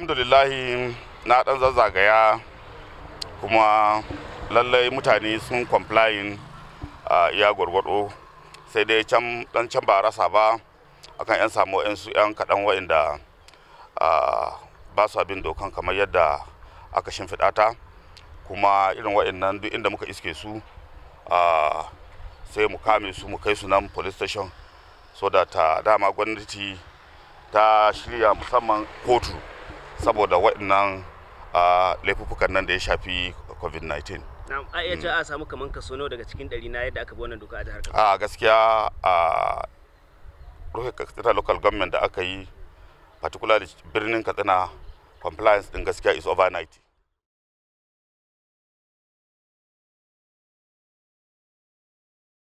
alhamdulillahi na dan zazzagaya kuma lallai mutane sun complain a iya gwargwado sai dai can dan can ba rasa ba akan yan samu yan su yan kaɗan wa'inda ba su abin dokan kamar yadda aka shimfiɗa ta kuma irin wa'innan duk inda muka iske su sai mu kame su mu kai su nan police station so da ta dama gwamnati ta shirya musamman kotu saboda waɗannan laifukan nan da ya shafi covid-19 a iya cewa a samu kamar kaso nawa daga cikin ɗari na yadda aka bi wannan doka a jihar a gaskiya a rufe Katsina local government da aka yi particularly birnin Katsina compliance din gaskiya is over 90